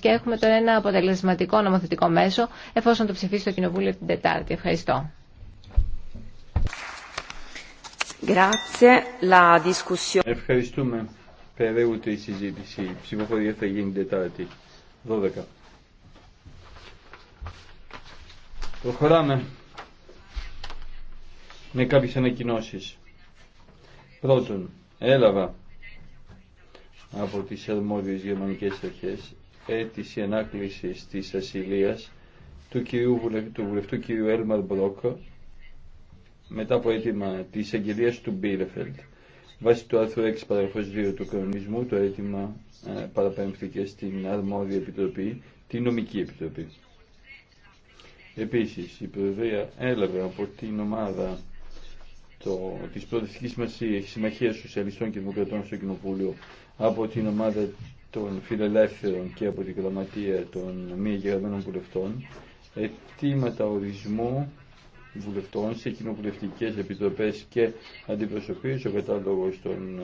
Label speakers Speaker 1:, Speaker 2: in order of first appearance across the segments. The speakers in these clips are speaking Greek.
Speaker 1: και έχουμε τώρα ένα αποτελεσματικό νομοθετικό μέσο εφόσον το ψηφίσει το Κοινοβούλιο την Τετάρτη. Ευχαριστώ.
Speaker 2: Ευχαριστούμε. Περαιούται η συζήτηση. Η ψηφοφορία θα γίνει Τετάρτη 12. Προχωράμε με κάποιες ανακοινώσει Πρώτον, έλαβα από τις αρμόδιες γερμανικές αρχές Έτηση ανάκληση τη ασυλία του, κυρίου, του βουλευτού κυρίου Έλμαρ Μπρόκ μετά από αίτημα τη αγγελία του Μπίλεφελτ. Βάσει του άρθρου 6 παραγωγή 2 του κανονισμού το αίτημα ε, παραπέμφθηκε στην αρμόδια επιτροπή, την νομική επιτροπή. Επίση, η Προεδρία έλαβε από την ομάδα τη Προεδρική Συμμαχία σοσιαλιστών και δημοκρατών στο Κοινοβούλιο από την ομάδα των φιλελεύθερων και από την γραμματεία των μη εγγεγραμμένων βουλευτών αιτήματα ορισμού βουλευτών σε κοινοβουλευτικές επιτροπές και αντιπροσωπείε. ο κατάλογος των ε,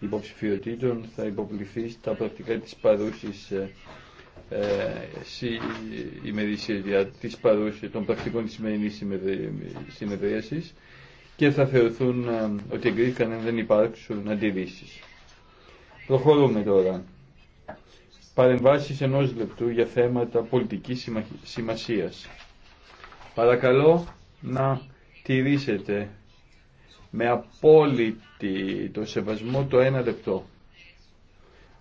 Speaker 2: υποψηφιωτήτων θα υποβληθεί στα πρακτικά της παρούσης ε, ε, ημερήσια της των πρακτικών της σημερινής συνεδρίασης και θα θεωρηθούν ότι εγκρίθηκαν αν δεν υπάρξουν αντιρρήσει. Προχωρούμε τώρα. Παρεμβάσεις ενός λεπτού για θέματα πολιτικής σημασίας. Παρακαλώ να τηρήσετε με απόλυτη το σεβασμό το ένα λεπτό.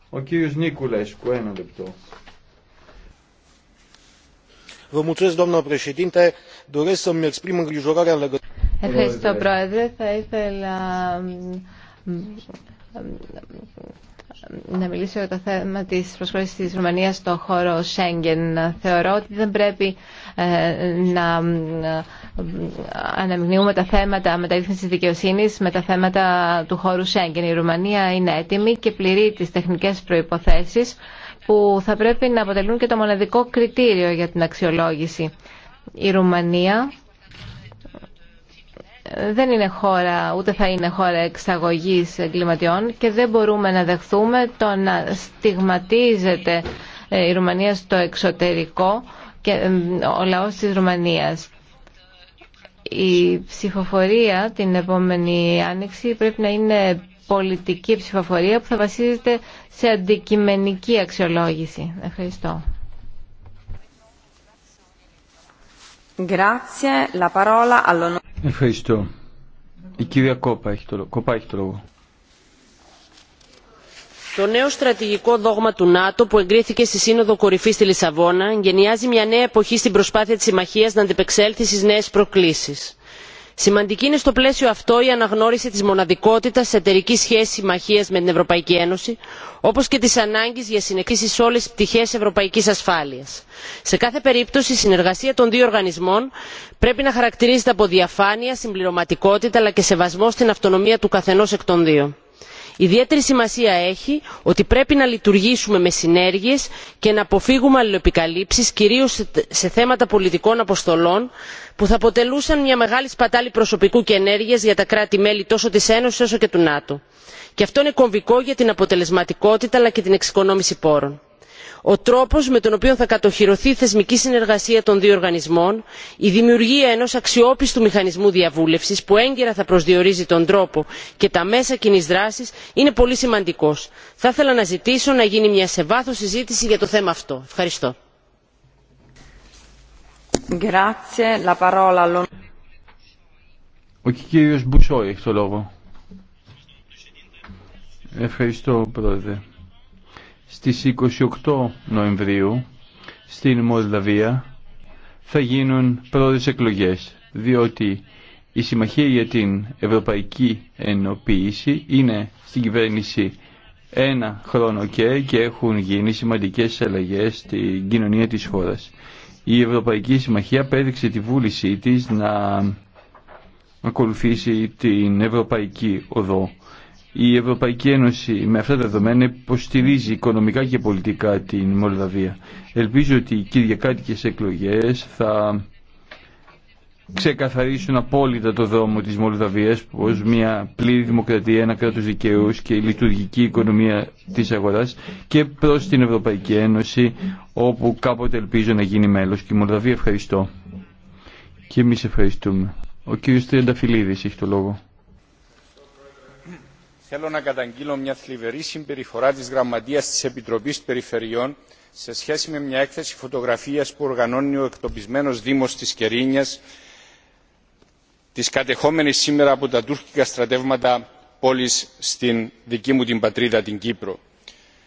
Speaker 2: Ο κύριος Νίκουλαεσκου, ένα λεπτό.
Speaker 3: Ευχαριστώ,
Speaker 1: Πρόεδρε. Θα ήθελα να μιλήσω για το θέμα της προσχώρησης της Ρουμανίας στο χώρο Σέγγεν. Θεωρώ ότι δεν πρέπει ε, να ε, αναμειγνύουμε τα θέματα μεταρρύθμισης δικαιοσύνης με τα θέματα του χώρου Σέγγεν. Η Ρουμανία είναι έτοιμη και πληρεί τις τεχνικές προϋποθέσεις που θα πρέπει να αποτελούν και το μοναδικό κριτήριο για την αξιολόγηση. Η Ρουμανία δεν είναι χώρα, ούτε θα είναι χώρα εξαγωγής εγκληματιών και δεν μπορούμε να δεχθούμε το να στιγματίζεται ε, η Ρουμανία στο εξωτερικό και ε, ο λαός της Ρουμανίας. Η ψηφοφορία την επόμενη άνοιξη πρέπει να είναι πολιτική ψηφοφορία που θα βασίζεται σε αντικειμενική αξιολόγηση. Ευχαριστώ.
Speaker 2: Ευχαριστώ. Η κυρία Κόπα έχει το, λόγο.
Speaker 4: Το νέο στρατηγικό δόγμα του ΝΑΤΟ που εγκρίθηκε στη Σύνοδο Κορυφή στη Λισαβόνα γενιάζει μια νέα εποχή στην προσπάθεια τη συμμαχία να αντιπεξέλθει στι νέε προκλήσει σημαντική είναι στο πλαίσιο αυτό η αναγνώριση της μοναδικότητας της εταιρικής σχέσης συμμαχίας με την ευρωπαϊκή ένωση όπως και της ανάγκης για συνεχίσεις σε όλες τις πτυχές ευρωπαϊκής ασφάλειας. σε κάθε περίπτωση η συνεργασία των δύο οργανισμών πρέπει να χαρακτηρίζεται από διαφάνεια συμπληρωματικότητα αλλά και σεβασμό στην αυτονομία του καθενός εκ των δύο ιδιαίτερη σημασία έχει ότι πρέπει να λειτουργήσουμε με συνέργειες και να αποφύγουμε αλληλοεπικαλύψεις κυρίως σε θέματα πολιτικών αποστολών που θα αποτελούσαν μια μεγάλη σπατάλη προσωπικού και ενέργειας για τα κράτη μέλη τόσο της ένωσης όσο και του νατο και αυτό είναι κομβικό για την αποτελεσματικότητα αλλά και την εξοικονόμηση πόρων ο τρόπος με τον οποίο θα κατοχυρωθεί η θεσμική συνεργασία των δύο οργανισμών η δημιουργία ενός αξιόπιστου μηχανισμού διαβούλευση, που έγκαιρα θα προσδιορίζει τον τρόπο και τα μέσα κοινή δράση είναι πολύ σημαντικός. θα ήθελα να ζητήσω να γίνει μια σε βάθο συζήτηση για το θέμα αυτό. ευχαριστώ.
Speaker 2: Στις 28 Νοεμβρίου στην Μολδαβία θα γίνουν πρώτες εκλογές, διότι η Συμμαχία για την Ευρωπαϊκή Ενοποίηση είναι στην κυβέρνηση ένα χρόνο και, και έχουν γίνει σημαντικές αλλαγές στην κοινωνία της χώρας. Η Ευρωπαϊκή Συμμαχία πέδειξε τη βούλησή της να ακολουθήσει την Ευρωπαϊκή Οδό η Ευρωπαϊκή Ένωση με αυτά τα δεδομένα υποστηρίζει οικονομικά και πολιτικά την Μολδαβία. Ελπίζω ότι οι κυριακάτικες εκλογές θα ξεκαθαρίσουν απόλυτα το δρόμο της Μολδαβίας ως μια πλήρη δημοκρατία, ένα κράτος δικαίου και η λειτουργική οικονομία της αγοράς και προς την Ευρωπαϊκή Ένωση όπου κάποτε ελπίζω να γίνει μέλος. Και η Μολδαβία ευχαριστώ. Και εμείς ευχαριστούμε. Ο κύριος Τριανταφυλλίδης έχει το λόγο.
Speaker 5: Θέλω να καταγγείλω μια θλιβερή συμπεριφορά της Γραμματείας της Επιτροπής Περιφερειών σε σχέση με μια έκθεση φωτογραφίας που οργανώνει ο εκτοπισμένος Δήμος της Κερίνιας της κατεχόμενης σήμερα από τα τουρκικά στρατεύματα πόλης στην δική μου την πατρίδα την Κύπρο.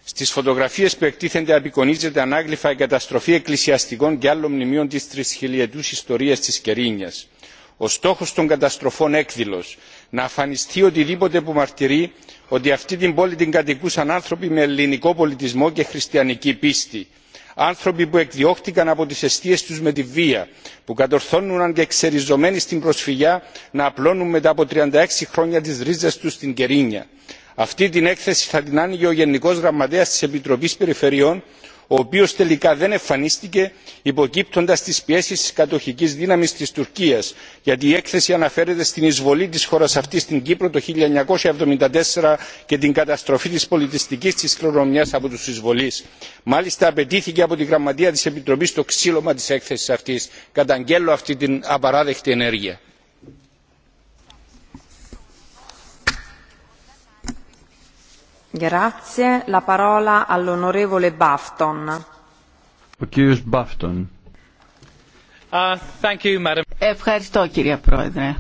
Speaker 5: Στις φωτογραφίες που εκτίθενται απεικονίζεται ανάγλυφα η καταστροφή εκκλησιαστικών και άλλων μνημείων της τρισχιλιετούς ιστορίας της Κερίνιας ο στόχος των καταστροφών έκδηλος να αφανιστεί οτιδήποτε που μαρτυρεί ότι αυτή την πόλη την κατοικούσαν άνθρωποι με ελληνικό πολιτισμό και χριστιανική πίστη άνθρωποι που εκδιώχθηκαν από τι αιστείε του με τη βία που κατορθώνουν και ξεριζωμένοι στην προσφυγιά να απλώνουν μετά από 36 χρόνια τι ρίζε του στην κερίνια. αυτή την έκθεση θα την άνοιγε ο Γενικό Γραμματέα τη Επιτροπή περιφερειών ο οποίος τελικά δεν εμφανίστηκε υποκύπτοντας τις πιέσεις της κατοχικής δύναμης της τουρκίας γιατί η έκθεση αναφέρεται στην εισβολή της χώρας αυτής στην κύπρο το 1974 και την καταστροφή της πολιτιστικής της κληρονομιάς από τους εισβολείς. μάλιστα απαιτήθηκε από τη γραμματεία της επιτροπής το ξύλωμα της έκθεσης αυτής. καταγγέλλω αυτή την απαράδεκτη ενέργεια.
Speaker 1: Uh,
Speaker 6: Ευχαριστώ κύριε Πρόεδρε.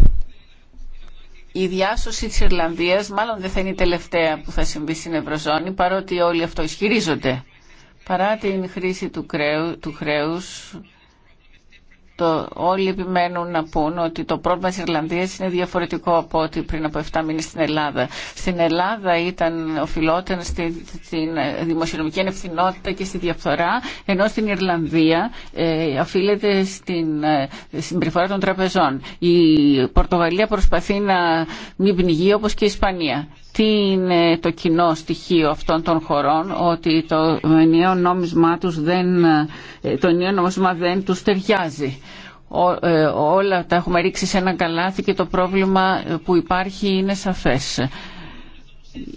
Speaker 6: Η διάσωση της Ιρλανδίας μάλλον δεν θα είναι η τελευταία που θα συμβεί στην Ευρωζώνη παρότι όλοι αυτό ισχυρίζονται. Παρά την χρήση του, χρέου, του χρέους το, όλοι επιμένουν να πούν ότι το πρόβλημα της Ιρλανδίας είναι διαφορετικό από ό,τι πριν από 7 μήνες στην Ελλάδα. Στην Ελλάδα ήταν οφειλόταν στη, στην δημοσιονομική ανευθυνότητα και στη διαφθορά, ενώ στην Ιρλανδία ε, οφείλεται στην ε, συμπεριφορά των τραπεζών. Η Πορτογαλία προσπαθεί να μην πνιγεί όπως και η Ισπανία τι είναι το κοινό στοιχείο αυτών των χωρών, ότι το ενιαίο νόμισμα, τους δεν, το νόμισμα δεν τους ταιριάζει. Ε, όλα τα έχουμε ρίξει σε ένα καλάθι και το πρόβλημα που υπάρχει είναι σαφές.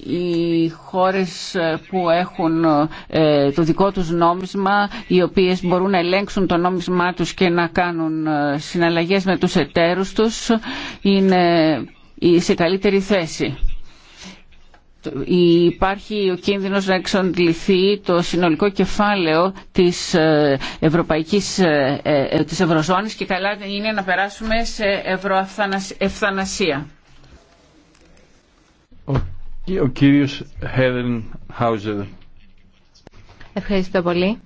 Speaker 6: Οι χώρες που έχουν ε, το δικό τους νόμισμα, οι οποίες μπορούν να ελέγξουν το νόμισμά τους και να κάνουν ε, συναλλαγές με τους εταίρους τους, είναι σε καλύτερη θέση υπάρχει ο κίνδυνος να εξαντληθεί το συνολικό κεφάλαιο της ε, Ευρωπαϊκής ε, ε, της Ευρωζώνης και καλά είναι να περάσουμε σε ευθανασία.
Speaker 2: Ο, ο κύριος Χέρεν Χάουζερ.
Speaker 6: Ευχαριστώ πολύ.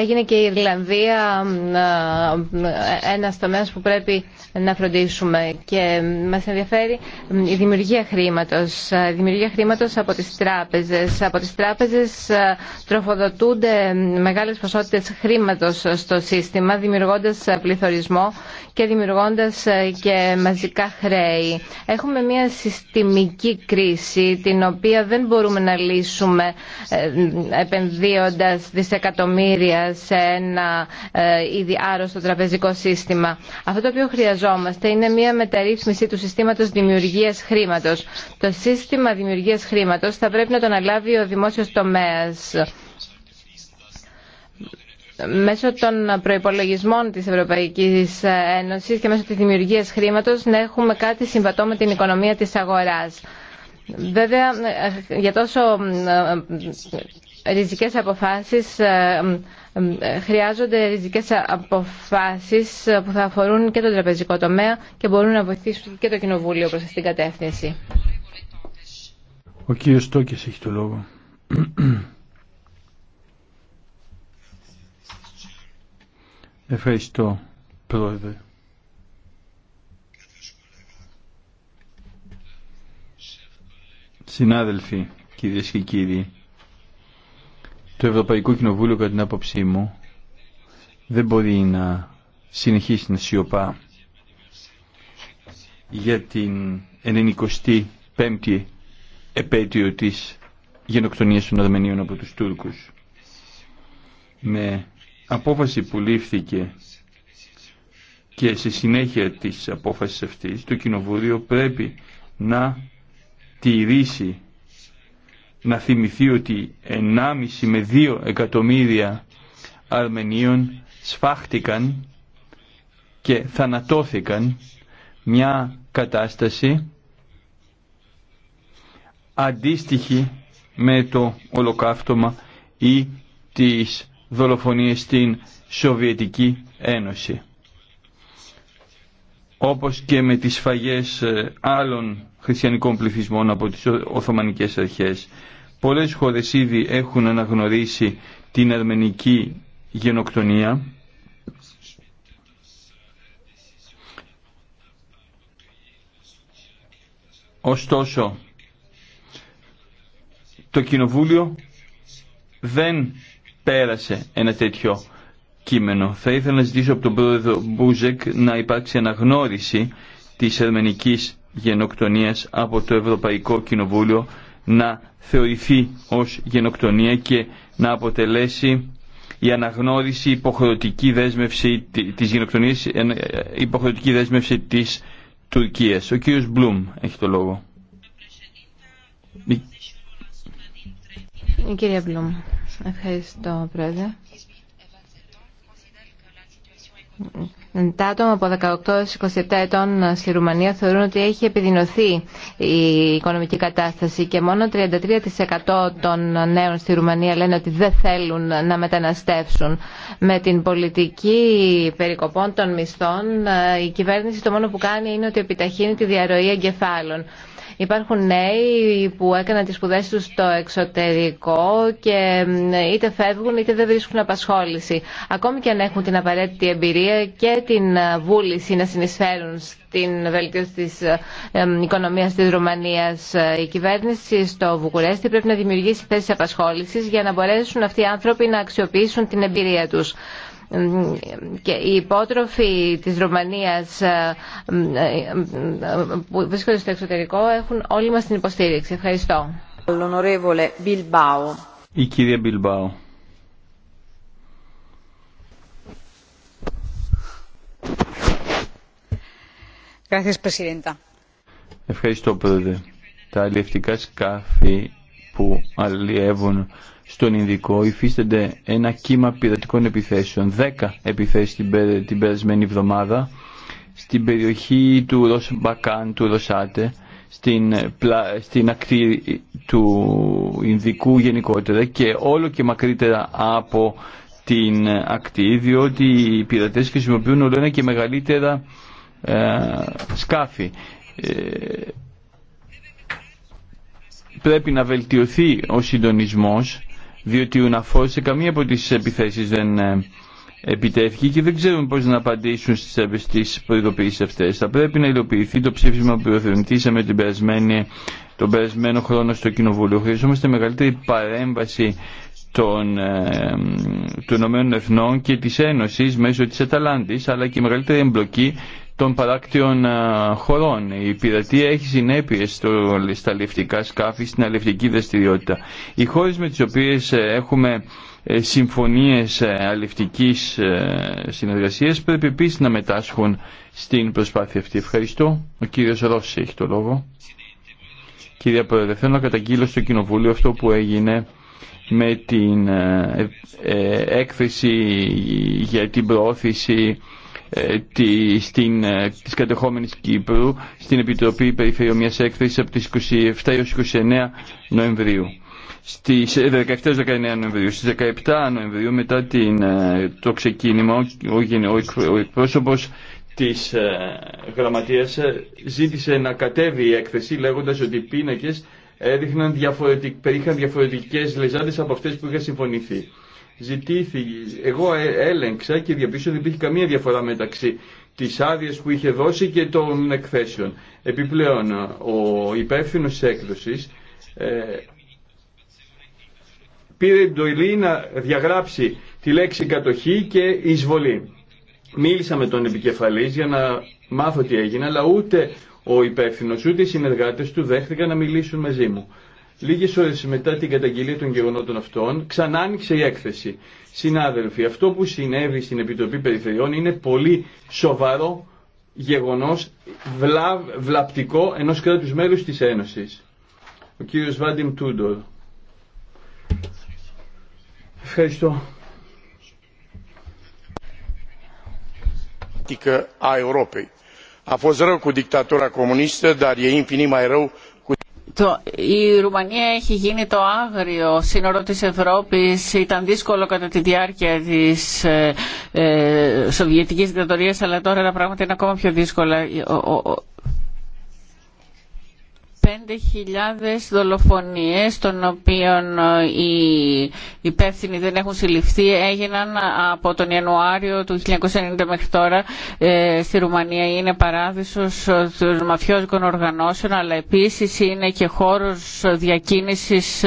Speaker 1: Έγινε και η Ιρλανδία ε, ένα τομέα που πρέπει να φροντίσουμε και μας ενδιαφέρει η δημιουργία χρήματος. Η δημιουργία χρήματος από τις τράπεζες. Από τις τράπεζες ε, τροφοδοτούνται μεγάλες ποσότητες χρήματος στο σύστημα δημιουργώντας ε, πληθωρισμό και δημιουργώντας και μαζικά χρέη. Έχουμε μια συστημική κρίση την οποία δεν μπορούμε να λύσουμε επενδύοντας δισεκατομμύρια σε ένα ε, ήδη άρρωστο τραπεζικό σύστημα. Αυτό το οποίο χρειαζόμαστε είναι μια μεταρρύθμιση του συστήματο δημιουργία χρήματο. Το σύστημα δημιουργία χρήματο θα πρέπει να το αναλάβει ο δημόσιο τομέα. μέσω των προϋπολογισμών της Ευρωπαϊκής Ένωσης και μέσω της δημιουργίας χρήματος να έχουμε κάτι συμβατό με την οικονομία της αγοράς. Βέβαια, ε, για τόσο ε, ριζικές αποφάσεις ε, ε, χρειάζονται ριζικές αποφάσεις ε, που θα αφορούν και τον τραπεζικό τομέα και μπορούν να βοηθήσουν και το Κοινοβούλιο προς αυτήν την κατεύθυνση.
Speaker 2: Ο κύριος Τόκης έχει το λόγο. Ευχαριστώ, Πρόεδρε. Συνάδελφοι, κυρίες και κύριοι, το Ευρωπαϊκό Κοινοβούλιο, κατά την άποψή μου δεν μπορεί να συνεχίσει να σιωπά για την 95η επέτειο της γενοκτονίας των Αρμενίων από τους Τούρκους. Με απόφαση που λήφθηκε και σε συνέχεια της απόφασης αυτής το Κοινοβούλιο πρέπει να τηρήσει να θυμηθεί ότι 1,5 με 2 εκατομμύρια Αρμενίων σφάχτηκαν και θανατώθηκαν μια κατάσταση αντίστοιχη με το ολοκαύτωμα ή τις δολοφονίες στην Σοβιετική Ένωση όπως και με τις φαγές ε, άλλων χριστιανικών πληθυσμών από τις Οθωμανικές αρχές. Πολλές χώρες ήδη έχουν αναγνωρίσει την αρμενική γενοκτονία. Ωστόσο, το Κοινοβούλιο δεν πέρασε ένα τέτοιο θα ήθελα να ζητήσω από τον πρόεδρο Μπούζεκ να υπάρξει αναγνώριση της ερμενικής γενοκτονίας από το Ευρωπαϊκό Κοινοβούλιο να θεωρηθεί ως γενοκτονία και να αποτελέσει η αναγνώριση υποχρεωτική δέσμευση της γενοκτονίας, ε, ε, υποχρεωτική δέσμευση της Τουρκίας. Ο κύριος Μπλουμ έχει το λόγο.
Speaker 1: Κύριε Μπλουμ. Ευχαριστώ, Πρόεδρε. Τα άτομα από 18-27 ετών στη Ρουμανία θεωρούν ότι έχει επιδεινωθεί η οικονομική κατάσταση και μόνο 33% των νέων στη Ρουμανία λένε ότι δεν θέλουν να μεταναστεύσουν. Με την πολιτική περικοπών των μισθών η κυβέρνηση το μόνο που κάνει είναι ότι επιταχύνει τη διαρροή εγκεφάλων. Υπάρχουν νέοι που έκαναν τις σπουδές τους στο εξωτερικό και είτε φεύγουν είτε δεν βρίσκουν απασχόληση. Ακόμη και αν έχουν την απαραίτητη εμπειρία και την ε, βούληση να συνεισφέρουν στην βελτίωση της ε, οικονομίας της Ρουμανίας. Ε, η κυβέρνηση στο Βουκουρέστι πρέπει να δημιουργήσει θέσεις απασχόλησης για να μπορέσουν αυτοί οι άνθρωποι να αξιοποιήσουν την εμπειρία τους και οι υπότροφοι της Ρουμανίας ε, ε, που βρίσκονται στο εξωτερικό έχουν όλοι μας την υποστήριξη. Ευχαριστώ.
Speaker 2: Η κυρία Μπιλμπάου. Ευχαριστώ, Πρόεδρε. Τα αλληλευτικά σκάφη που αλλιεύουν στον Ινδικό υφίστανται ένα κύμα πειρατικών επιθέσεων. Δέκα επιθέσεις την, την περασμένη εβδομάδα στην περιοχή του Ροσμπακάν, του Ροσάτε, στην, στην ακτή του Ινδικού γενικότερα και όλο και μακρύτερα από την ακτή, διότι οι πειρατές χρησιμοποιούν όλο ένα και μεγαλύτερα ε, σκάφη. Ε, πρέπει να βελτιωθεί ο συντονισμός διότι ο Ναφός σε καμία από τις επιθέσεις δεν ε, επιτέθηκε και δεν ξέρουμε πώς να απαντήσουν στις ε, προειδοποιήσεις αυτές. Θα πρέπει να υλοποιηθεί το ψήφισμα που υιοθετήσαμε την περασμένη, τον περασμένο χρόνο στο Κοινοβούλιο. Χρειαζόμαστε μεγαλύτερη παρέμβαση των, ε, των και της Ένωσης μέσω της Αταλάντης αλλά και μεγαλύτερη εμπλοκή των παράκτιων χωρών. Η πειρατεία έχει συνέπειε στα λευτικά σκάφη, στην αλευτική δραστηριότητα. Οι χώρε με τι οποίε ε, έχουμε ε, συμφωνίες ε, αλευτική συνεργασία πρέπει επίσης να μετάσχουν στην προσπάθεια αυτή. Ευχαριστώ. Ο κύριο Ρώση έχει το λόγο. Κύριε Πρόεδρε, θέλω να καταγγείλω στο Κοινοβούλιο αυτό που έγινε με την έκθεση για την προώθηση ε, στην, ε, της κατεχόμενης Κύπρου στην Επιτροπή Περιφερειομίας έκθεσης από τις 27 έως 29 Νοεμβρίου. Στις 17-19 ε, Νοεμβρίου, στις 17 Νοεμβρίου μετά την, το ξεκίνημα ο, ο εκπρόσωπος της γραμματείας ζήτησε να κατέβει η έκθεση λέγοντας ότι οι πίνακες έδειχναν διαφορετικ, περίχαν διαφορετικές λεζάντες από αυτές που είχαν συμφωνηθεί ζητήθη, εγώ ε, έλεγξα και διαπίστωσα ότι δεν υπήρχε καμία διαφορά μεταξύ της άδειας που είχε δώσει και των εκθέσεων. Επιπλέον, ο υπεύθυνο τη έκδοση ε, πήρε εντολή να διαγράψει τη λέξη κατοχή και εισβολή. Μίλησα με τον επικεφαλής για να μάθω τι έγινε, αλλά ούτε ο υπεύθυνο ούτε οι συνεργάτες του δέχτηκαν να μιλήσουν μαζί μου. Λίγες ώρες μετά την καταγγελία των γεγονότων αυτών, ξανά άνοιξε η έκθεση. Συνάδελφοι, αυτό που συνέβη στην Επιτροπή Περιφερειών είναι πολύ σοβαρό γεγονός βλαπτικό ενός κράτους μέλους της Ένωσης. Ο κύριος Βάντιμ Τούντορ. Ευχαριστώ.
Speaker 5: a Europei. A fost rău cu dictatura comunistă, e
Speaker 6: η Ρουμανία έχει γίνει το άγριο σύνορο της Ευρώπης. Ήταν δύσκολο κατά τη διάρκεια της ε, ε, Σοβιετικής δικτατορίας, αλλά τώρα τα πράγματα είναι ακόμα πιο δύσκολα. 5.000 δολοφονίες των οποίων ε, οι υπεύθυνοι δεν έχουν συλληφθεί έγιναν από τον Ιανουάριο του 1990 μέχρι τώρα ε, στη Ρουμανία. Είναι παράδεισος ε, των μαφιόζικων οργανώσεων αλλά επίσης είναι και χώρος διακίνησης,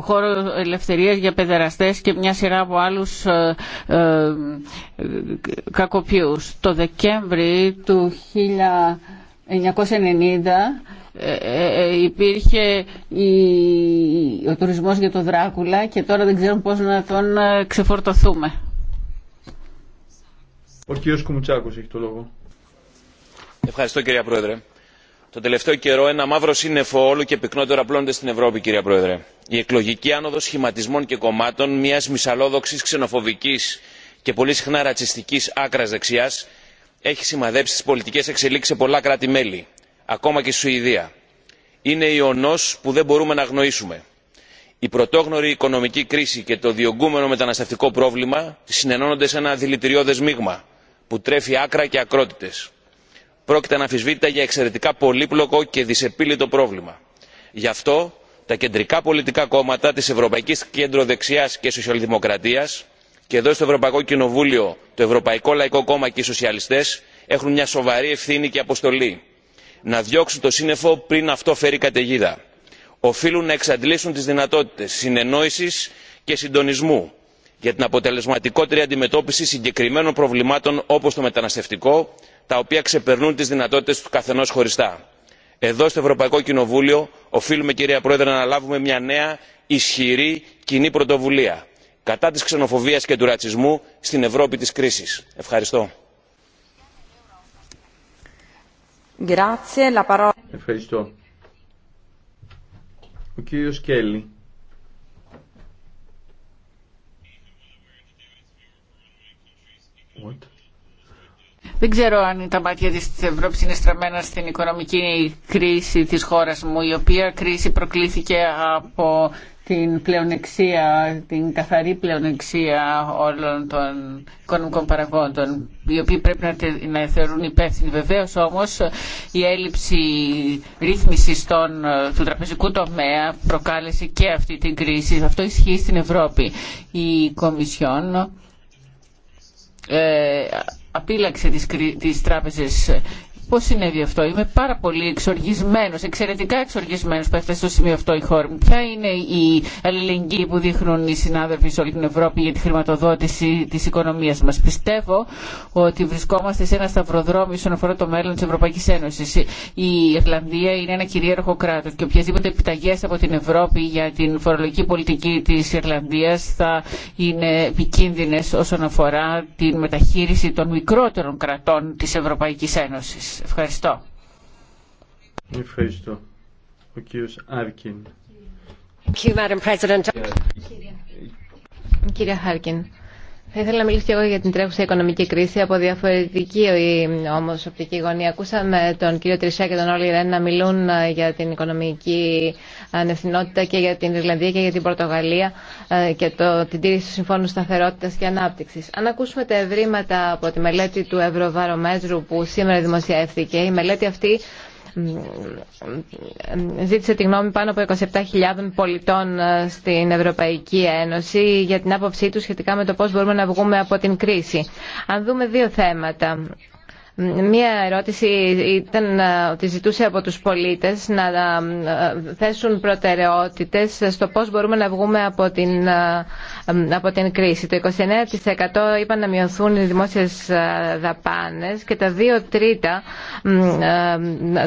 Speaker 6: χώρο ελευθερίας για παιδεραστές και μια σειρά από άλλους κακοποιούς. Το Δεκέμβρη του 1990 1990 ε, ε, ε, υπήρχε ο τουρισμός για το Δράκουλα και τώρα δεν ξέρουμε πώς να τον ξεφορτωθούμε.
Speaker 3: Ο
Speaker 2: κύριος Κουμουτσάκος
Speaker 3: έχει το λόγο. Ευχαριστώ κυρία Πρόεδρε. Το τελευταίο καιρό ένα μαύρο σύννεφο όλο και πυκνότερο απλώνεται στην Ευρώπη, κυρία Πρόεδρε. Η εκλογική άνοδος σχηματισμών και κομμάτων μιας μυσαλόδοξης, ξενοφοβικής και πολύ συχνά ρατσιστικής άκρας δεξιάς έχει σημαδέψει τι πολιτικέ εξελίξει σε πολλά κράτη μέλη ακόμα και στη σουηδία. είναι ιονό που δεν μπορούμε να αγνοήσουμε. η πρωτόγνωρη οικονομική κρίση και το διωγγούμενο μεταναστευτικό πρόβλημα συνενώνονται σε ένα δηλητηριώδε μείγμα που τρέφει άκρα και ακρότητε. πρόκειται αναμφισβήτητα για εξαιρετικά πολύπλοκο και δυσεπίλητο πρόβλημα. γι' αυτό τα κεντρικά πολιτικά κόμματα τη ευρωπαϊκή κέντρο δεξιά και σοσιαλδημοκρατίας και εδώ στο ευρωπαϊκό κοινοβούλιο το ευρωπαϊκό λαϊκό κόμμα και οι σοσιαλιστές έχουν μια σοβαρή ευθύνη και αποστολή να διώξουν το σύννεφο πριν αυτό φέρει καταιγίδα. οφείλουν να εξαντλήσουν τις δυνατότητες συνεννόησης και συντονισμού για την αποτελεσματικότερη αντιμετώπιση συγκεκριμένων προβλημάτων όπως το μεταναστευτικό τα οποία ξεπερνούν τις δυνατότητες του καθενός χωριστά. εδώ στο ευρωπαϊκό κοινοβούλιο οφείλουμε κυρία πρόεδρε να αναλάβουμε μια νέα ισχυρή κοινή πρωτοβουλία κατά της ξενοφοβίας και του ρατσισμού στην ευρώπη της κρίσης. ευχαριστώ.
Speaker 6: ευχαριστώ. Ο δεν ξέρω αν τα μάτια της Ευρώπης είναι στραμμένα στην οικονομική κρίση της χώρας μου, η οποία κρίση προκλήθηκε από την πλεονεξία, την καθαρή πλεονεξία όλων των οικονομικών παραγόντων, οι οποίοι πρέπει να, τε, θεωρούν υπεύθυνοι. Βεβαίως όμως η έλλειψη ρύθμισης του τραπεζικού τομέα προκάλεσε και αυτή την κρίση. Αυτό ισχύει στην Ευρώπη. Η Κομισιόν ε, απείλαξε τις, τις τράπεζες ε, Πώς συνέβη αυτό. Είμαι πάρα πολύ εξοργισμένος, εξαιρετικά εξοργισμένος που έφτασε στο σημείο αυτό η χώρα μου. Ποια είναι η αλληλεγγύη που δείχνουν οι συνάδελφοι σε όλη την Ευρώπη για τη χρηματοδότηση της οικονομίας μας. Πιστεύω ότι βρισκόμαστε σε ένα σταυροδρόμι όσον αφορά το μέλλον της Ευρωπαϊκής Ένωσης. Η Ιρλανδία είναι ένα κυρίαρχο κράτος και οποιασδήποτε επιταγές από την Ευρώπη για την φορολογική πολιτική της Ιρλανδίας θα είναι επικίνδυνε όσον αφορά την μεταχείριση των μικρότερων κρατών της Ευρωπαϊκής Ένωσης. Ευχαριστώ.
Speaker 2: Ευχαριστώ. Ο κύριος Άρκιν.
Speaker 1: Κύριε Χάρκιν, θα ήθελα να μιλήσω και εγώ για την τρέχουσα οικονομική κρίση από διαφορετική ε, όμω οπτική γωνία. Ακούσαμε τον κύριο Τρισέ και τον Όλυ Ρεν να μιλούν ε, για την οικονομική ανευθυνότητα και για την Ιρλανδία και για την Πορτογαλία ε, και το, την τήρηση του Συμφώνου Σταθερότητα και Ανάπτυξη. Αν ακούσουμε τα ευρήματα από τη μελέτη του Ευρωβαρομέτρου που σήμερα δημοσιεύθηκε, η μελέτη αυτή ζήτησε τη γνώμη πάνω από 27.000 πολιτών ε, στην Ευρωπαϊκή Ένωση για την άποψή του σχετικά με το πώς μπορούμε να βγούμε από την κρίση. Αν δούμε δύο θέματα Μία ερώτηση ήταν ε, ότι ζητούσε από τους πολίτες να ε, θέσουν προτεραιότητες στο πώς μπορούμε να βγούμε από την, ε, από την κρίση. Το 29% είπαν να μειωθούν οι δημόσιες δαπάνες και τα δύο τρίτα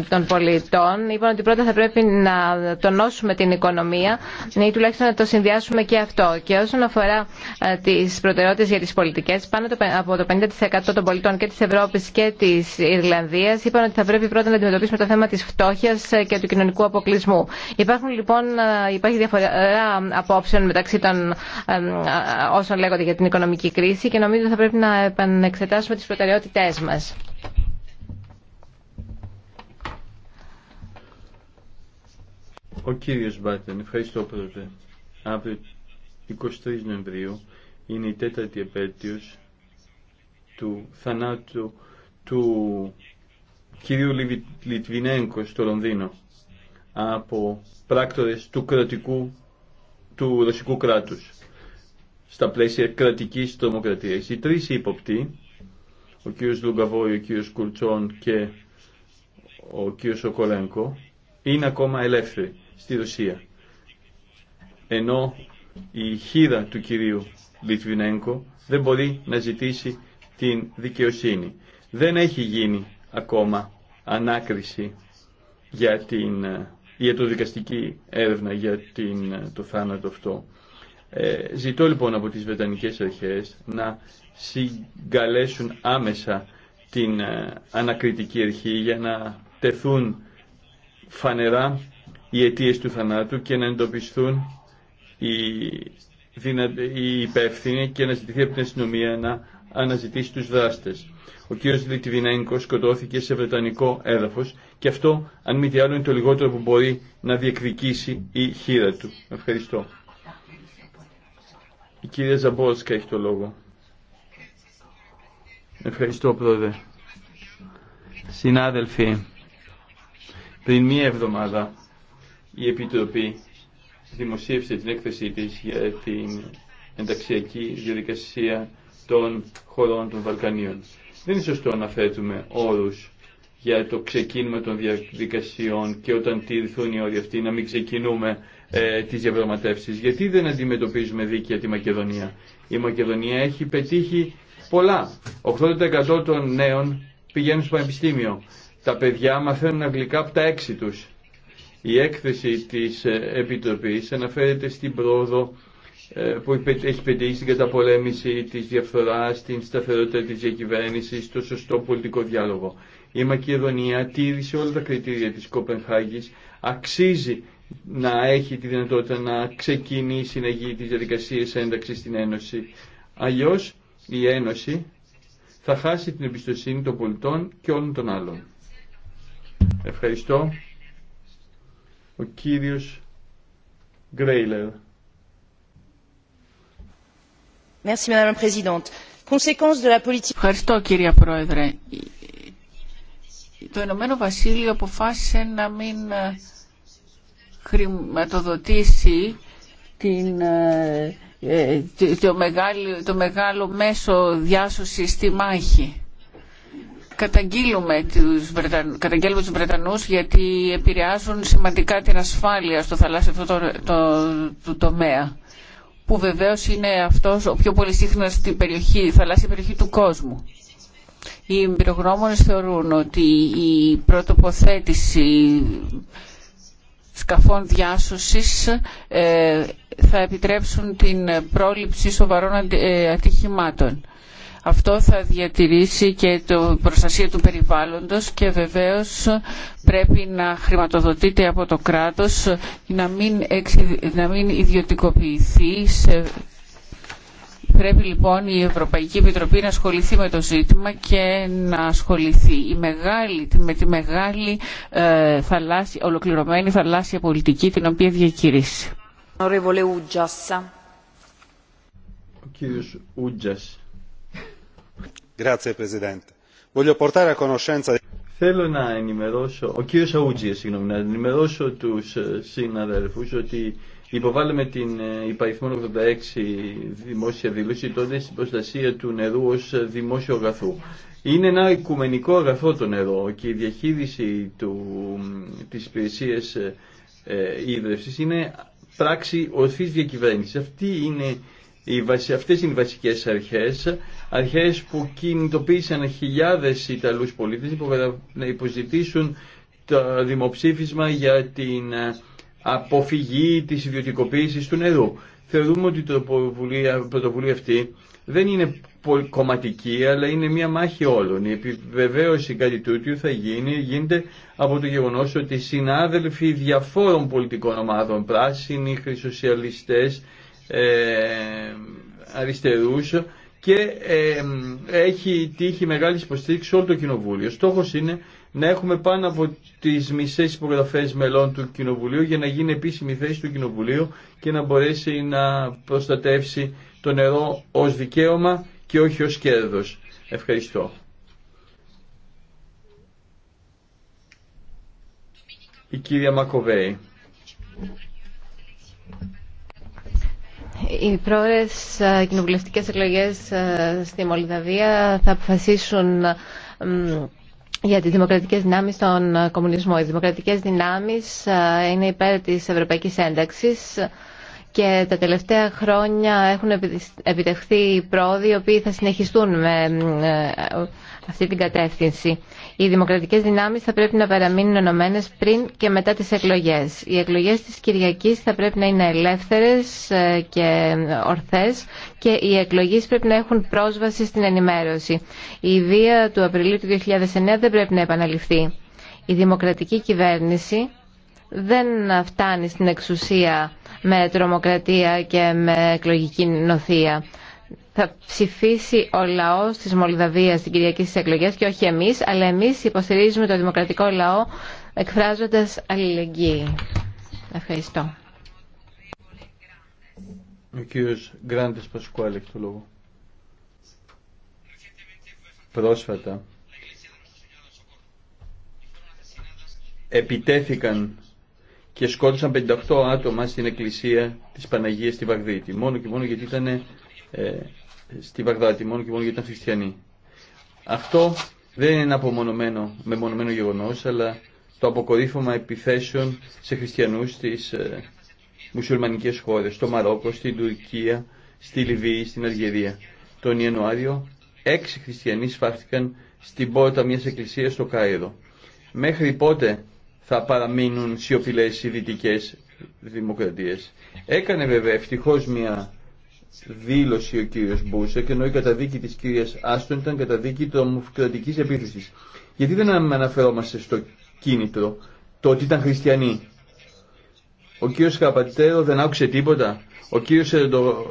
Speaker 1: των πολιτών είπαν ότι πρώτα θα πρέπει να τονώσουμε την οικονομία ή τουλάχιστον να το συνδυάσουμε και αυτό. Και όσον αφορά τις προτεραιότητες για τις πολιτικές, πάνω από το 50% των πολιτών και της Ευρώπης και της Ιρλανδίας είπαν ότι θα πρέπει πρώτα να αντιμετωπίσουμε το θέμα της φτώχειας και του κοινωνικού αποκλεισμού. Υπάρχουν λοιπόν, ε, υπάρχει διαφορά ε, απόψεων μεταξύ των ε, όσων λέγονται για την οικονομική κρίση και νομίζω ότι θα πρέπει να επανεξετάσουμε τις προτεραιότητές μας.
Speaker 2: Ο κύριος Μπάτεν, ευχαριστώ πρόεδρε. Αύριο 23 Νοεμβρίου είναι η τέταρτη επέτειος του θανάτου του κυρίου Λιτβινέγκο στο Λονδίνο από πράκτορες του κρατικού του ρωσικού κράτους στα πλαίσια κρατικής τρομοκρατίας. Οι τρεις ύποπτοι, ο κύριος Λουγκαβόη, ο κύριος Κουρτσόν και ο κύριος Σοκολέγκο, είναι ακόμα ελεύθεροι στη Ρωσία. Ενώ η χείρα του κυρίου Λιτβινέγκο δεν μπορεί να ζητήσει την δικαιοσύνη. Δεν έχει γίνει ακόμα ανάκριση για την δικαστική έρευνα για την, το θάνατο αυτό. Ε, ζητώ λοιπόν από τις Βετανικές Αρχές να συγκαλέσουν άμεσα την ε, ανακριτική αρχή για να τεθούν φανερά οι αιτίες του θανάτου και να εντοπιστούν οι, οι υπεύθυνοι και να ζητηθεί από την αστυνομία να αναζητήσει τους δράστες. Ο κ. Λιτβινέγκο σκοτώθηκε σε βρετανικό έδαφος και αυτό, αν μη τι άλλο, είναι το λιγότερο που μπορεί να διεκδικήσει η χείρα του. Ευχαριστώ. Η κυρία Ζαμπόρσκα έχει το λόγο. Ευχαριστώ, Πρόεδρε. Συνάδελφοι, πριν μία εβδομάδα η Επιτροπή δημοσίευσε την έκθεσή της για την ενταξιακή διαδικασία των χωρών των Βαλκανίων. Δεν είναι σωστό να θέτουμε όρους για το ξεκίνημα των διαδικασιών και όταν τηρηθούν οι όροι αυτοί να μην ξεκινούμε ε, τις διαπραγματεύσεις. Γιατί δεν αντιμετωπίζουμε δίκαια τη Μακεδονία. Η Μακεδονία έχει πετύχει πολλά. 80% των νέων πηγαίνουν στο πανεπιστήμιο. Τα παιδιά μαθαίνουν αγγλικά από τα έξι τους. Η έκθεση της ε, Επιτροπής αναφέρεται στην πρόοδο ε, που έχει πετύχει στην καταπολέμηση της διαφθοράς, στην σταθερότητα της διακυβέρνησης, στο σωστό πολιτικό διάλογο. Η Μακεδονία τήρησε όλα τα κριτήρια της Κοπενχάγης, αξίζει να έχει τη δυνατότητα να ξεκινήσει να γίνει της διαδικασίας ένταξης στην Ένωση. Αλλιώς η Ένωση θα χάσει την εμπιστοσύνη των πολιτών και όλων των άλλων. Ευχαριστώ. Ο κύριος Γκρέιλερ.
Speaker 6: Ευχαριστώ κυρία Πρόεδρε. Το Ηνωμένο Βασίλειο αποφάσισε να μην ε, χρηματοδοτήσει ε, ε, το, μεγάλο, μέσο διάσωση στη μάχη. Καταγγείλουμε τους, Βρετανούς, γιατί επηρεάζουν σημαντικά την ασφάλεια στο θαλάσσιο του τομέα που βεβαίω είναι αυτός ο πιο πολύ στην περιοχή, θαλάσσια περιοχή του κόσμου. Οι εμπειρογνώμονε θεωρούν ότι η πρωτοποθέτηση σκαφών διάσωσης ε, θα επιτρέψουν την πρόληψη σοβαρών ε, ατυχημάτων. Αυτό θα διατηρήσει και το προστασία του περιβάλλοντος και βεβαίως πρέπει να χρηματοδοτείται από το κράτος να μην, να μην ιδιωτικοποιηθεί Πρέπει λοιπόν η Ευρωπαϊκή Επιτροπή να ασχοληθεί με το ζήτημα και να ασχοληθεί η μεγάλη, με τη μεγάλη ε, ολοκληρωμένη θαλάσσια πολιτική την οποία διακηρύσει. Ο
Speaker 2: κύριος Ούτζας. Θέλω να ενημερώσω, ο κύριος Αούτζια, συγγνώμη, να ενημερώσω του ε, συναδέλφου ότι υποβάλαμε την ε, υπαριθμό 86 δημόσια δήλωση τότε στην προστασία του νερού ω δημόσιο αγαθού. Είναι ένα οικουμενικό αγαθό το νερό και η διαχείριση τη υπηρεσία ε, ε είναι πράξη ορθή διακυβέρνηση. Αυτή είναι οι, αυτές είναι οι βασικές αρχές, αρχές που κινητοποίησαν χιλιάδες Ιταλούς πολίτες να υποζητήσουν το δημοψήφισμα για την ε, αποφυγή της ιδιωτικοποίησης του νερού. Θεωρούμε ότι η πρωτοβουλία αυτή δεν είναι κομματική, αλλά είναι μια μάχη όλων. Η επιβεβαίωση κάτι τούτου θα γίνει, γίνεται από το γεγονός ότι συνάδελφοι διαφόρων πολιτικών ομάδων, πράσινοι, χρυσοσιαλιστές, ε, αριστερούς και ε, έχει τύχει μεγάλη υποστήριξη όλο το Κοινοβούλιο. Στόχος είναι να έχουμε πάνω από τις μισές υπογραφές μελών του Κοινοβουλίου για να γίνει επίσημη θέση του Κοινοβουλίου και να μπορέσει να προστατεύσει το νερό ως δικαίωμα και όχι ως κέρδος. Ευχαριστώ. Η κυρία Μακοβέη.
Speaker 1: Οι πρόορες ε, κοινοβουλευτικές εκλογές ε, στη Μολδαβία θα αποφασίσουν για τις δημοκρατικές δυνάμεις στον κομμουνισμό. Οι δημοκρατικές δυνάμεις ε, είναι υπέρ της ευρωπαϊκής ένταξης και τα τελευταία χρόνια έχουν επιτευχθεί πρόοδοι οι οποίοι θα συνεχιστούν με αυτή την κατεύθυνση. Οι δημοκρατικέ δυνάμει θα πρέπει να παραμείνουν ενωμένε πριν και μετά τι εκλογέ. Οι εκλογέ τη Κυριακή θα πρέπει να είναι ελεύθερε ε, και ορθέ και οι εκλογέ πρέπει να έχουν πρόσβαση στην ενημέρωση. Η βία του Απριλίου του 2009 δεν πρέπει να επαναληφθεί. Η δημοκρατική κυβέρνηση δεν φτάνει στην εξουσία με τρομοκρατία και με εκλογική νοθεία θα ψηφίσει ο λαό τη μολδαβία την Κυριακή στι εκλογέ και όχι εμεί, αλλά εμεί υποστηρίζουμε το δημοκρατικό λαό εκφράζοντα αλληλεγγύη. Ευχαριστώ.
Speaker 2: Ο κύριο Γκράντε Πασκουάλη έχει το λόγο. Πρόσφατα επιτέθηκαν και σκότωσαν 58 άτομα στην εκκλησία της Παναγίας στη Βαγδίτη. Μόνο και μόνο γιατί ήταν ε, στη Βαγδάτη, μόνο και μόνο γιατί ήταν χριστιανοί. Αυτό δεν είναι ένα απομονωμένο, μεμονωμένο γεγονός, αλλά το αποκορύφωμα επιθέσεων σε χριστιανούς στις ε, μουσουλμανικές χώρες, στο Μαρόκο, στην Τουρκία, στη Λιβύη, στην Αλγερία. Τον Ιανουάριο έξι χριστιανοί σφάχτηκαν στην πόρτα μιας εκκλησία στο Κάιρο. Μέχρι πότε θα παραμείνουν σιωπηλέ οι δυτικέ δημοκρατίες. Έκανε βέβαια ευτυχώ μια δήλωση ο κύριος Μπούσεκ, ενώ η καταδίκη τη κύρια Άστον ήταν καταδίκη τρομοκρατική επίθεση. Γιατί δεν αναφερόμαστε στο κίνητρο, το ότι ήταν χριστιανοί. Ο κύριο Καπατέρο δεν άκουσε τίποτα. Ο κύριο Ερντο,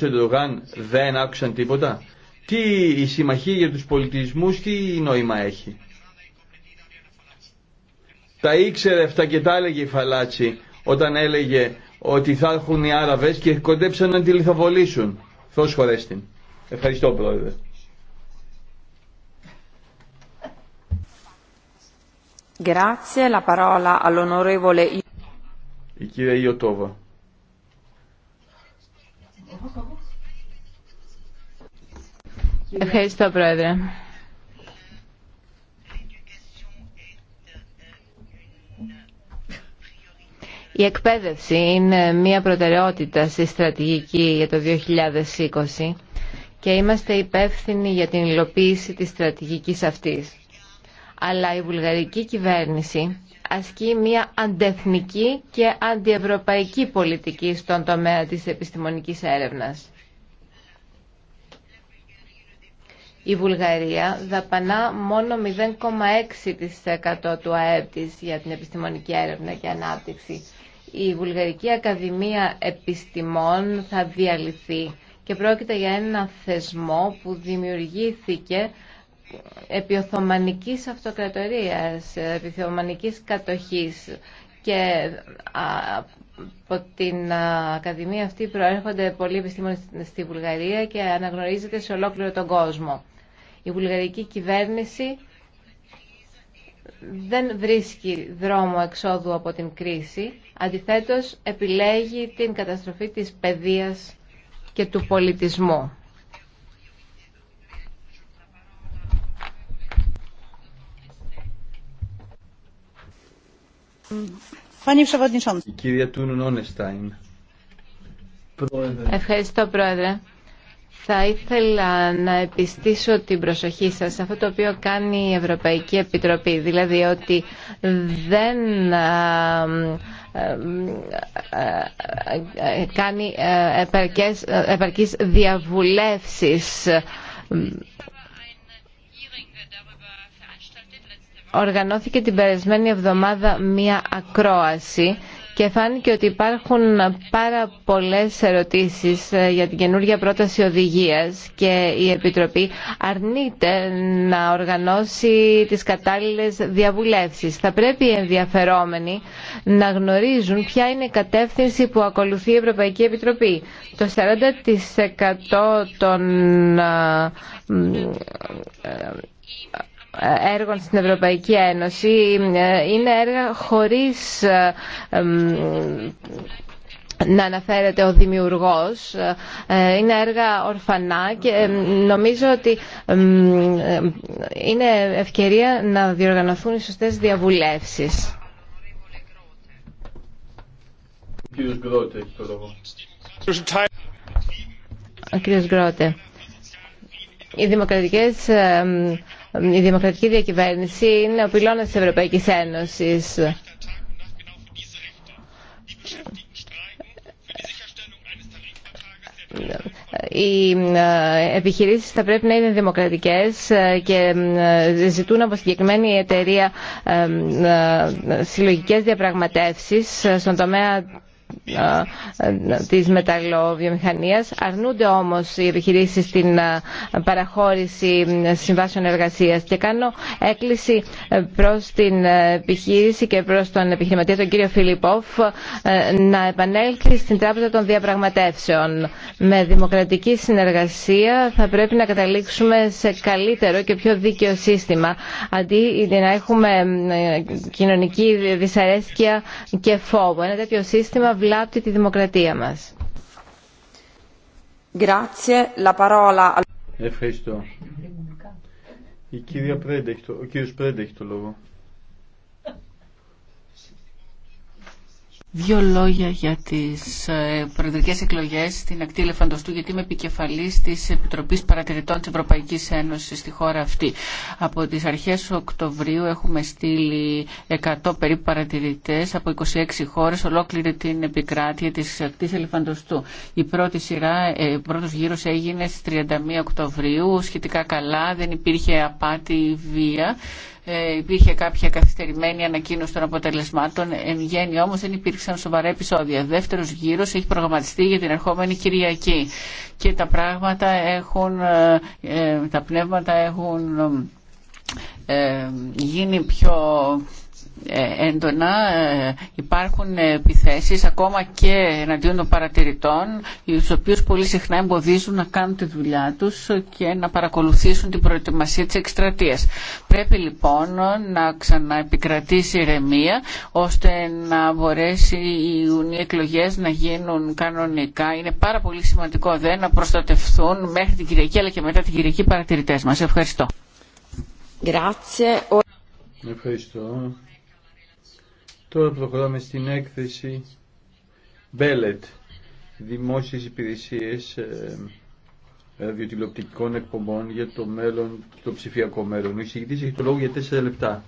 Speaker 2: Ερντογάν δεν άκουσαν τίποτα. Τι η συμμαχία για τους πολιτισμούς, τι νόημα έχει. Τα ήξερε αυτά και τα έλεγε η Φαλάτσι όταν έλεγε ότι θα έρχουν οι Άραβες και κοντέψαν να τη λιθοβολήσουν. Θεός χωρέστην. Ευχαριστώ πρόεδρε.
Speaker 1: Grazie, la parola all'onorevole Ευχαριστώ, Πρόεδρε. Η εκπαίδευση είναι μια προτεραιότητα στη στρατηγική για το 2020 και είμαστε υπεύθυνοι για την υλοποίηση της στρατηγικής αυτής. Αλλά η βουλγαρική κυβέρνηση ασκεί μια αντεθνική και αντιευρωπαϊκή πολιτική στον τομέα της επιστημονικής έρευνας. Η Βουλγαρία δαπανά μόνο 0,6% του ΑΕΠ της για την επιστημονική έρευνα και ανάπτυξη η Βουλγαρική Ακαδημία Επιστημών θα διαλυθεί και πρόκειται για ένα θεσμό που δημιουργήθηκε επί Οθωμανικής αυτοκρατορίας, επί Οθωμανικής κατοχής και από την Ακαδημία αυτή προέρχονται πολλοί επιστήμονες στη Βουλγαρία και αναγνωρίζεται σε ολόκληρο τον κόσμο. Η βουλγαρική κυβέρνηση δεν βρίσκει δρόμο εξόδου από την κρίση, αντιθέτως επιλέγει την καταστροφή της παιδείας και του πολιτισμού. Η κυρία Ευχαριστώ, Πρόεδρε. Θα ήθελα να επιστήσω την προσοχή σας σε αυτό το οποίο κάνει η Ευρωπαϊκή Επιτροπή, δηλαδή ότι δεν κάνει ε, επαρκές, ε, επαρκείς διαβουλεύσεις οργανώθηκε την περασμένη εβδομάδα μία ακρόαση και φάνηκε ότι υπάρχουν πάρα πολλές ερωτήσεις ε, για την καινούργια πρόταση οδηγίας και η Επιτροπή αρνείται να οργανώσει τις κατάλληλες διαβουλεύσεις. Θα πρέπει οι ενδιαφερόμενοι να γνωρίζουν ποια είναι η κατεύθυνση που ακολουθεί η Ευρωπαϊκή Επιτροπή. Το 40% των ε, ε, έργων στην Ευρωπαϊκή Ένωση είναι έργα χωρίς να αναφέρεται ο δημιουργός. Ε, είναι έργα ορφανά και νομίζω ότι είναι ευκαιρία να διοργανωθούν οι σωστές διαβουλεύσεις. Ο κύριος Γκρότε. Οι δημοκρατικές η δημοκρατική διακυβέρνηση είναι ο πυλώνας της Ευρωπαϊκής Ένωσης. οι ε, επιχειρήσεις θα πρέπει να είναι δημοκρατικές ε, και ε, ζητούν από συγκεκριμένη εταιρεία συλλογικές διαπραγματεύσεις στον τομέα της μεταλλοβιομηχανίας. Αρνούνται όμως οι επιχειρήσει την παραχώρηση συμβάσεων εργασίας και κάνω έκκληση ε, προς την ε, επιχείρηση και προς τον επιχειρηματία τον κύριο Φιλιππόφ ε, να επανέλθει στην Τράπεζα των Διαπραγματεύσεων. Με δημοκρατική συνεργασία θα πρέπει να καταλήξουμε σε καλύτερο και πιο δίκαιο σύστημα αντί να έχουμε κοινωνική δυσαρέσκεια και φόβο. Ένα τέτοιο σύστημα βλάπτει τη δημοκρατία μας.
Speaker 2: Ευχαριστώ. Η κυρία Πρέντε, ο κύριος Πρέντε έχει το λόγο. Δύο
Speaker 6: λόγια για τις ε, προεδρικές εκλογές στην ακτή Ελεφαντοστού, γιατί είμαι επικεφαλής της Επιτροπής Παρατηρητών της Ευρωπαϊκής Ένωσης στη χώρα αυτή. Από τις αρχές Οκτωβρίου έχουμε στείλει 100 περίπου παρατηρητές από 26 χώρες, ολόκληρη την επικράτεια της ακτής Ελεφαντοστού. Η πρώτη σειρά, ε, ο πρώτος γύρος έγινε στις 31 Οκτωβρίου, σχετικά καλά, δεν υπήρχε απάτη βία. Ε, υπήρχε κάποια καθυστερημένη ανακοίνωση των αποτελεσμάτων. Εν γέννη όμως δεν υπήρξαν σοβαρά επεισόδια. Δεύτερος γύρος έχει προγραμματιστεί για την ερχόμενη Κυριακή και τα πράγματα έχουν, ε, ε, τα πνεύματα έχουν γίνει πιο ε, έντονα ε, υπάρχουν επιθέσεις ακόμα και εναντίον των παρατηρητών τους οποίους πολύ συχνά εμποδίζουν να κάνουν τη δουλειά τους και να παρακολουθήσουν την προετοιμασία της εκστρατείας. Πρέπει λοιπόν να ξαναεπικρατήσει ηρεμία ώστε να μπορέσει οι εκλογές να γίνουν κανονικά. Είναι πάρα πολύ σημαντικό δε να προστατευθούν μέχρι την Κυριακή αλλά και μετά την Κυριακή παρατηρητές μας. Ευχαριστώ.
Speaker 2: Ευχαριστώ. Τώρα προχωράμε στην έκθεση Μπέλετ, δημόσιες υπηρεσίες ραδιοτηλεοπτικών ε, ε, εκπομπών για το μέλλον, το ψηφιακό μέλλον. Ο εισηγητής έχει το λόγο για τέσσερα λεπτά.